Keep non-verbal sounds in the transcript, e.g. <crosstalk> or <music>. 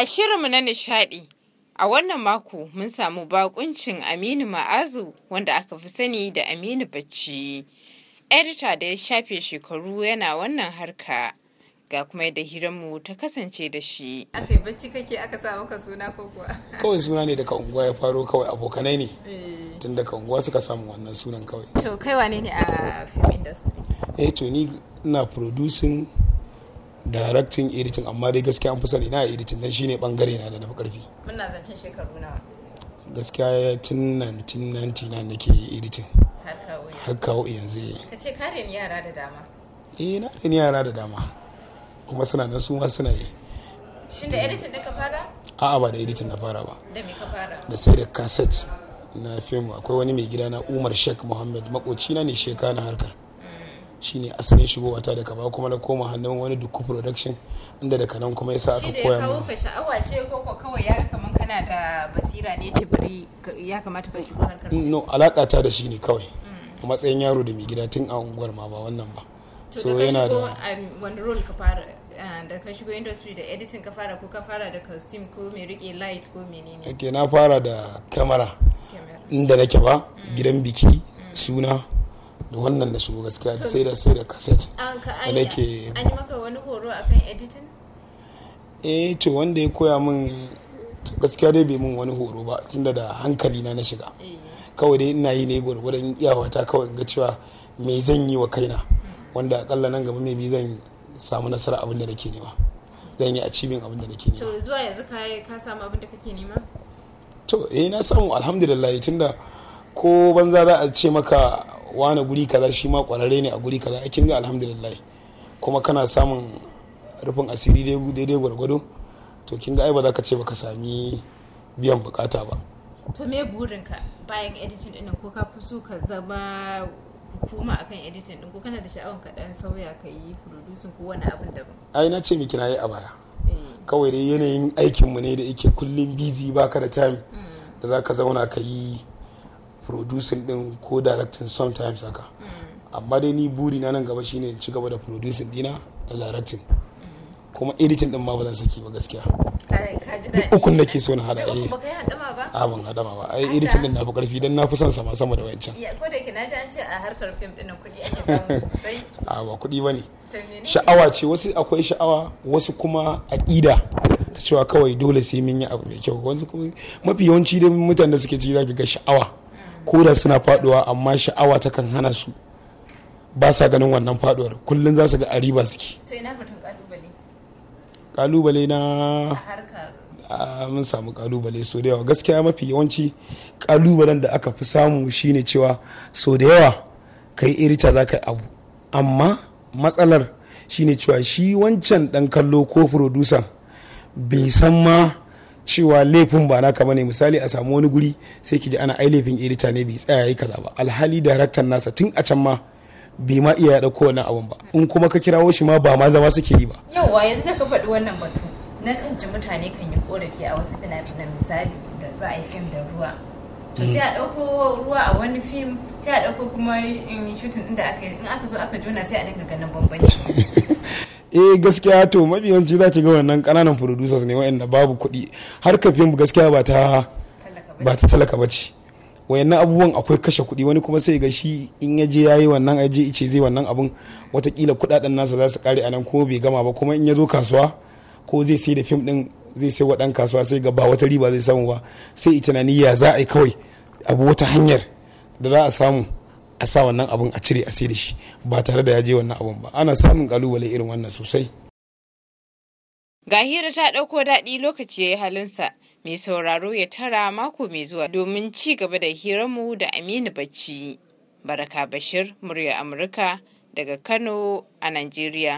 A shirinmu na nishaɗi, a wannan mako mun samu bakuncin Aminu Ma'azu wanda aka fi sani da Aminu Bacci. Edita da ya shafe shekaru yana wannan harka. Ga kuma yadda hiranmu ta kasance da shi. Aka yi bacci kake aka sa maka suna ko kuwa? Kawai suna ne daga unguwa ya faro kawai abokanai ne. Eh. Tun daga unguwa suka samu wannan sunan kawai. To kai wane ne a film industry? Eh to ni ina producing Daraktin editing amma dai gaskiya an fi sani na editing dan shine bangare na da nafi karfi muna zancen shekaru nawa gaskiya tun 1999 nake editing har kawo yanzu eh. ka ce kare yara da dama eh na ni yara da dama kuma suna nan su ma suna yi shin da editing da ka fara a'a ba da editing na fara ba da me ka fara da sai da cassette na fim akwai wani mai gida na Umar Sheikh Muhammad makoci na ne sheka na harkar shine asalin shigowa ta daga ba kuma na koma hannun wani duku production inda daga nan kuma yasa aka koya mu shi da sha'awa ce ko ko kawai ya kaman kana da basira ne ce bari ya kamata ka shigo harkar mm, no alaka ta da shi ne kawai a mm. matsayin yaro da mai gida tun a unguwar ma ba wannan ba da ka da um, wani role ka fara uh, da ka shigo industry da editing ka fara ko ka fara da costume ko mai rike light ko menene ok na fara da camera inda nake ba mm. gidan biki suna wannan da shigo gaskiya da sai da sai da cassette da nake an yi maka wani horo akan editing eh to wanda ya koya min gaskiya dai bai mun wani horo ba tunda da hankali na na shiga eh. kawai dai ina yi ne gwargwadon iyawata kawai ga cewa me zan yi wa kaina wanda akalla nan gaba mai zan samu nasara abin da nake nema zan yi achieving abin da nake nema to zuwa yanzu ka ka samu abin da kake nema to eh na samu alhamdulillah tunda ko banza za a ce maka wani guri kaza shi ma kwararre ne a guri kaza kin ga alhamdulillah kuma kana samun rufin asiri daidai gwargwado to kin ga ai ba za ka ce ba ka sami biyan bukata ba to me burinka bayan editing din ko ka fi so ka zama hukuma akan editing din ko kana da sha'awar ka dan sauya ka yi producing ko wani abin daban ai na ce miki na yi a baya eh. kawai dai yanayin aikin mu ne da yake kullum busy baka da time mm. da zaka zauna ka yi producing din ko directing sometimes haka amma dai ni buri na nan gaba shine in ci gaba da producing dina da directing kuma editing din ma ba zan saki ba gaskiya duk ukun da ke so na hada eh ba kai hadama ba a ban hadama ba ai editing din na fi karfi dan na fi son sama sama da wancan ya ko da yake na ji an ce a harkar film din kudi ake samu sosai a ba kudi bane sha'awa ce wasu akwai sha'awa wasu kuma aqida ta cewa kawai dole sai mun yi abu mai kyau wanzu kuma mafi yawanci da mutanen da suke ciki zaki ga sha'awa koda suna faduwa amma sha'awa ta kan hana su ba sa ganin wannan faduwar kullum za su ga ariba suke to ina batun kalubale kalubale na mun samu kalubale so da yawa gaskiya mafi yawanci kalubalen da aka fi samu shine cewa so da yawa kai irita za ka yi abu amma matsalar shine cewa shi wancan dan kallo ko furodusan bai san ma cewa laifin ba naka bane misali a samu wani guri sai ki ji ana ai laifin edita ne bai tsaya yi kaza ba alhali daraktan nasa tun a can ma bai ma iya yaɗa dauko abun ba in kuma ka kirawo shi ma ba ma zama suke yi ba yau yanzu da ka faɗi wannan batu na kan ji mutane kan yi ƙorafi a wasu fina-finan misali da za a yi fim da ruwa to sai a ɗauko ruwa a wani fim sai a ɗauko kuma shutin inda aka yi in aka zo aka jona sai a dinga ganin bambanci <laughs> eh gaskiya to mafi zaki za ki ga wannan kananan producers ne wayanda babu kuɗi har kafin gaskiya ba ta ba ta talaka bace wayannan abubuwan akwai kashe kuɗi wani kuma sai ga shi in ya je yayi wannan aje ice zai wannan abun watakila kuɗaɗen nasa za su kare anan kuma bai gama ba kuma in ya zo kasuwa ko zai sai da fim din zai sai wa kasuwa sai ga ba wata riba zai samu ba sai na niyya za a yi kawai abu wata hanyar da za a samu a sa wannan abun a cire a sai da shi ba tare da ya je wannan abun ba ana samun kalubale irin wannan sosai ga hira ta ɗauko daɗi lokaci ya yi halinsa mai sauraro ya tara mako mai zuwa domin ci gaba da hiranmu da aminu bacci baraka bashir murya amurka daga kano a nigeria.